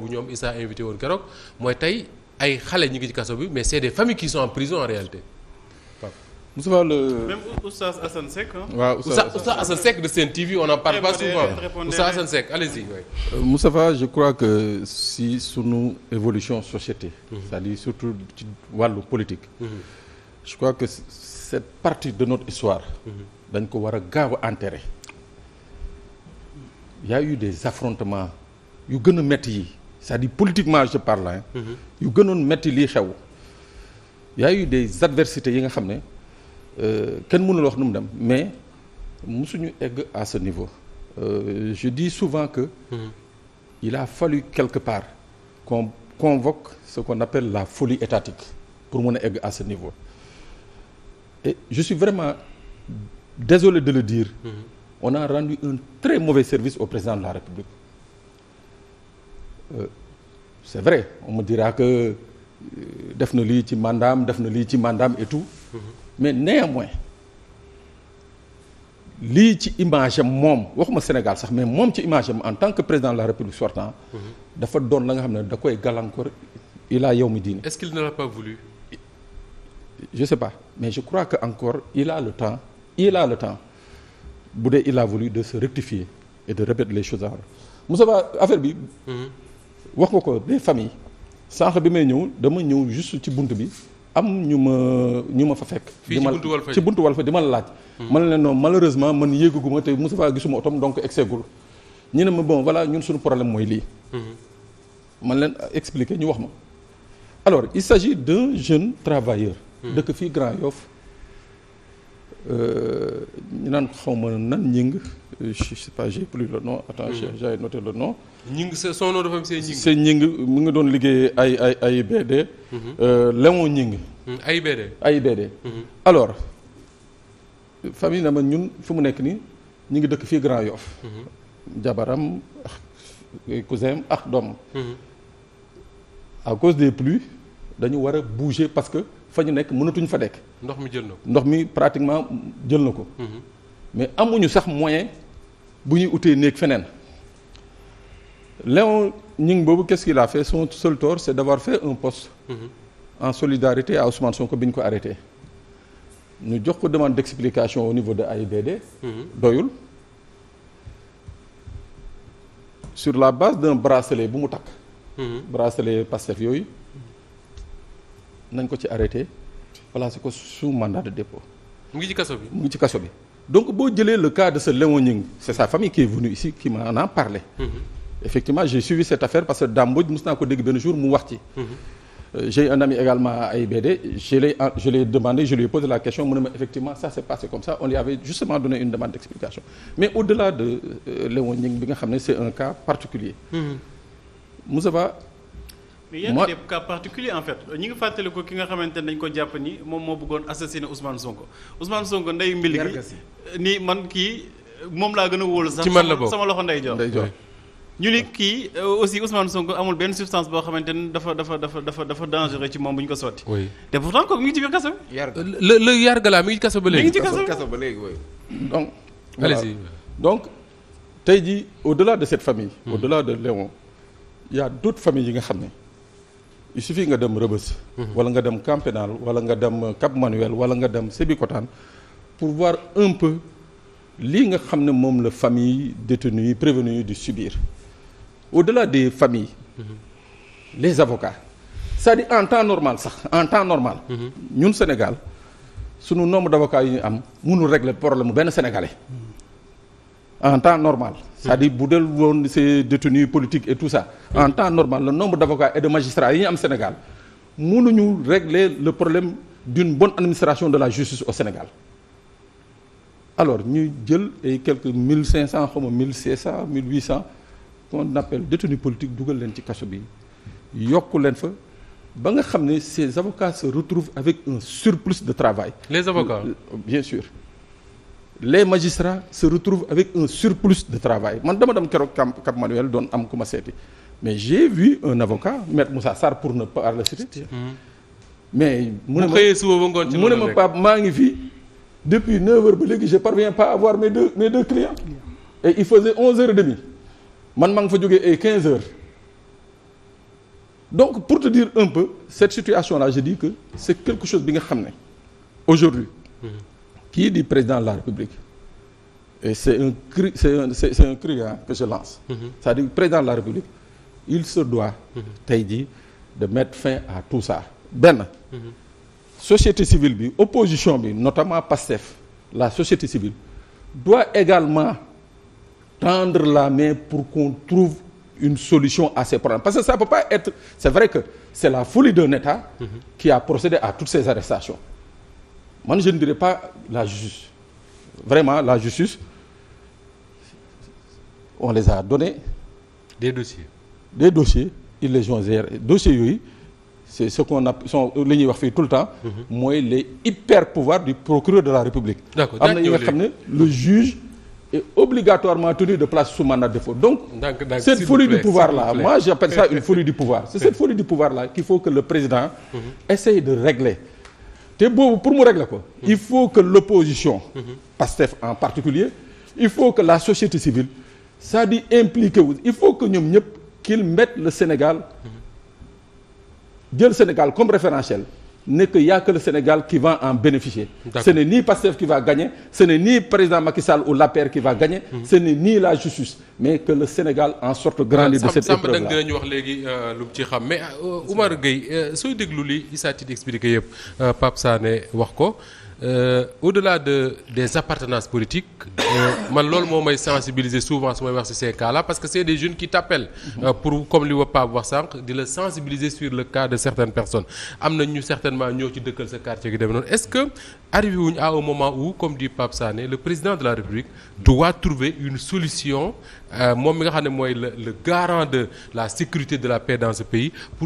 boobu ñoom Issa invité woon keroog mooy tey ay xale ñu ngi ci kaso bi mais c'est des familles qui sont en prison en réalité. Moussa le même Oustaz Assane Seck je crois que si sunu évolution société. Mhm. c'est-à-dire surtout ci wàllu politique. Mhm. je crois que cette partie de not histoire. Mhm. dañ ko war a gaaw a enterrer. eu des affrontements yu gën a yi. c'est-à-dire politiquement je parle hein. Mm-hmm. yu gënoon metti lii xew. y a eu des adversités yi nga xam ne euh, kenn mënul wax nu mu dem mais mu suñu egg à ce niveau. Euh, je di souvent que. Mm-hmm. il a fallu quelque part qu'on convoque ce qu'on appelle la folie étatique pour mën a egg à ce niveau et je suis vraiment désolé de le dire. Mmh. on a rendu un très mauvais service au président de la République. Euh, c'est vrai on me dira que euh, def na lii ci mandaam def na lii ci mandaam et tout mm-hmm. mais néanmoins lii ci image am moom waxuma Sénégal sax mais moom ci image am en tant que président de la République sortant mm-hmm. dafa doon la nga xam ne da koy gàllankoor ilaa yow mi diine est-ce qu'il ne l'a pas voulu je sais pas mais je crois que encore il le temps il le temps bu dee il a de se rectifier et de remettre les choses à l'ordre Moussa Ba affaire bi mm-hmm. wax nga ko des famille sànq bi may ñëwul dama ñëw juste ci bunt bi am ñu ma ñu ma fa fekk. ci wal fa di ma laaj. Hmm. man leen non malheureusement man yéegaguma te Moustapha gisuma otom donc exeggul ñu ne ma bon voilà ñun suñu problème mooy lii. Hmm. man leen expliquer ñu wax ma. alors il s'agit d'un jeune travailleur. Hmm. dëkk fii Grand Yoff. Euh, ñu naan xaw ma nan ñing euh, je sais pas j'ai plus le no attends j'ai noté le nom. ñing sa son nom de famille c'est ñing c'est mu ngi doon liggéey ay ay ay BD. Mhm. Euh, Léon ñing mhm, ay BD ay BD. Mhm. alors famille na ñun fi mu nekk nii ñu ngi dëkk fii Grand Yoff jabaram ak ah, cousin ak ah, doom. à cause des pluies dañu war a bouger parce que fa ñu nekk mënatuñ fa dekk. ndox mi jël na ko ndox mi pratiquement jël na ko. mais amuñu sax moyen bu ñuy utee néeg feneen. Léon Gning boobu kes ce la a fait son seul tort c'est d'avoir fait un poste mm-hmm. en solidarité à Ousmane Sonko bi ñu ko arrêté ñu jox ko demande d'explication au niveau de AIBD mm-hmm. doyul sur la base de bracelet bu mu takk mm-hmm. bracelet Pastef yooyu nañ ko ci arrêté placé ko sous mandat de dépôt mu ngi ci kaso bi mu ngi ci kaso bi donc boo jëlee le cas de ce Léon Gning c'est sa famille qui est venue ici qui m'en a parlé effectivement j'ai suivi cette affaire parce que Dame Mbodj mos naa ko dégg benn jour mu wax ci. Mhm. Euh, j'ai ami également à AIBD je l'ai je je lui ai la question mu ne ma effectivement ça s'est passé comme ça on lui justement donné une demande d'explication mais au-delà de euh, Léon Gningue bi nga xam ne c'est un cas particulier mhm. Moussa Ba mais y'a des cas particuliers en fait ñi ngi fàttali ko ki nga xamante ne dañ ko jàpp ni moom moo bëggoon assassiner Ousmane Sonko Ousmane Sonko nday mbil gi ni man kii moom laa gën a wóolu sax sama loxo nday joor ñu ni kii euh, aussi Ousmane Sonko amul benn substance boo xamante ni dafa dafa dafa dafa dafa dangereux ci moom bu ñu ko sotti. oui te pourtant ko mi ngi ci biir kaso bi. yarga la mi ngi ci kaso ba léegi. mi ngi ci kaso ba léegi donc. allez-y donc tey jii au-delà de cette famille. Hmm. au de Léon il y a d'autres familles yi nga xam ne. il suffit nga dem Rebeuss. Hmm. wala nga dem Camp Pénal wala nga dem Cap Manuel wala nga dem Sébikotane pour voir un peu lii nga xam ne moom la famille détenus yi prévenus yi di subir. au-delà des famille les avocats cest à en temps normal sax en temps normal ñun Sénégal suñu nombre d'avocats yu ñu am mënul régler problème benn sénégalais en temps normal c'est-à-dire bu del woon ces détenus politique et tout ça en temps normal le nombre d'avocats et de magistrats yi ñu am Sénégal mënuñu régler le problème d'une bonne administration de la justice au Sénégal alors ñuy jël ay quelque mille cinq cent xaw ma mille six cent mille huit cent qu'on appelle détenu politique dugal leen ci kaso bi yokku leen fa ba nga xam ne ces avocats se retrouvent avec un surplus de travail. les avocats bien sûr. les magistrats se retrouvent avec un surplus de travail man dama dem keroog Cap Cap Manuel doon am ku ma seeti mais j'ai vu un avocat maître Moussa Sarr pour ne pas le citer. mais mu ne ma mu ne ma maa ngi fi depuis 9 heures ba léegi je parviens pas à voir mes deux mes clients. et il faisait 11 heures et man maa ngi fa jógee ay quinze heures donc pour te dire un peu cette situation là je di que c'est quelque chose bi nga xam ne aujourd'hui mm-hmm. kii di président de la République et c'est un cri c'est un c'est, cri hein, que je lance mm-hmm. c'est-à-dire président de la République il se doit mm-hmm. tey jii de mettre fin à tout ça benn société civile bi opposition bi notamment PASTEF la société civile doit également tendre la main pour qu'on trouve une solution à ces problèmes parce que ça peut pas être c'est vrai que c'est la folie d'un État mmh. qui a procédé à toutes ces arrestations moi je ne dirais pas la justice vraiment la justice on les a donné des dossiers des dossiers ils les ont gérés dossiers yooyu c'est ce qu'on a son li ñuy wax fii tout le temps mhm. mooy les hyper pouvoirs du procureur de la République am na ñi xam ne le juge est obligatoirement tenu de place sous mandat de dépôt donc donc, donc cette folie plaît, du pouvoir là moi j'appelle ça une folie du pouvoir c'est cette folie du pouvoir là qu'il faut que le président mhm. essaye de régler te boobu pour mu régler ko il mhm. faut que l'opposition mhm. Pastef en particulier il faut que la société civile c'est-à-dire impliqué il faut que ñoom ñëpp qu'ils mettent le Sénégal jël Sénégal comme référentiel nekk que y a que le Sénégal qui va en bénéficier. Ce n'est ni Pastef qui va gagner, ce n'est ni président Macky Sall ou l'APR qui va gagner, mhm. ce n'est ni la justice, mais que le Sénégal en sorte grandi de cette épreuve là. Samba dinañu wax léegi euh, lu ci xam mais euh, Oumar Gueye euh, sooy déglu li Issa Tine expliqué yëpp Pape Sané wax ko. Euh, au-delà de des appartenances politiques euh, man loolu moo may sensibiliser souvent su may wax ci ces parce que c'est des jeunes qui t'appellent euh, pour comme li Pape wax sànq di la sensibiliser sur le cas de certaines personnes am na ñu certainement ñoo ci dëkkal sa quartier gi demee noonu est-ce que arrivé wuñu à un moment où comme dit Pape Sané le président de la République doit trouver une solution euh, moom mi nga xam ne mooy le le garant de la sécurité de la paix dans ce